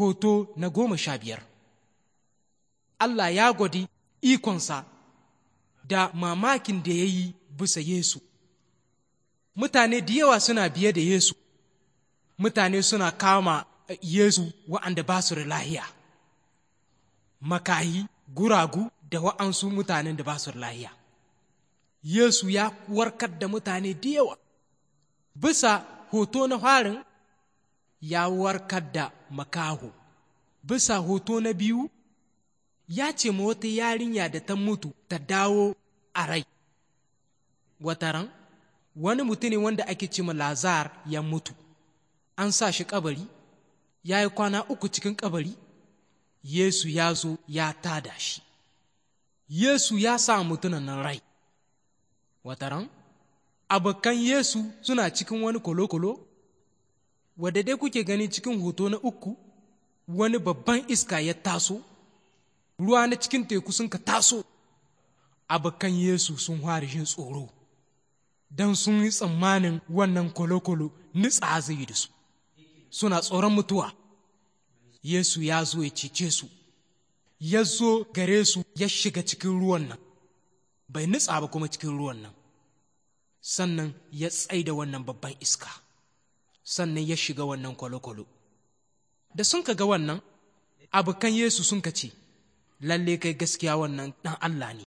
hoto na goma sha biyar Allah ya gwadi ikonsa da mamakin da ya yi bisa Yesu mutane da yawa suna biye da Yesu mutane suna kama eh, Yesu wa'anda ba su da lahiya makahi guragu da wa'ansu mutanen da ba su lahiya Yesu ya warkar da mutane da yawa bisa hoto na farin ya warkar da makaho bisa hoto na biyu ya ce ma wata yarinya da ta mutu ta dawo a rai wataran wani mutum ne wanda ake ce ma lazar ya mutu an sa shi kabari ya yi kwana uku cikin kabari yesu ya zo ya tada shi yesu ya sa mutunan nan rai wataran abokan yesu suna cikin wani kolokolo wadda dai kuke gani cikin hoto na uku wani babban iska ya taso ruwa na cikin teku sun ka taso abokan yesu sun fara shi tsoro don sun yi tsammanin wannan kolokolo nitsa zai da su suna tsoron mutuwa yesu ya zo ya cece su ya zo gare su ya shiga cikin ruwan nan bai nitsa ba kuma cikin ruwan nan sannan ya tsaida wannan babban iska sannan ya shiga wannan kwalokwalo da sun ka ga wannan abokan yesu sun ka ce lalle kai gaskiya wannan ɗan allah ne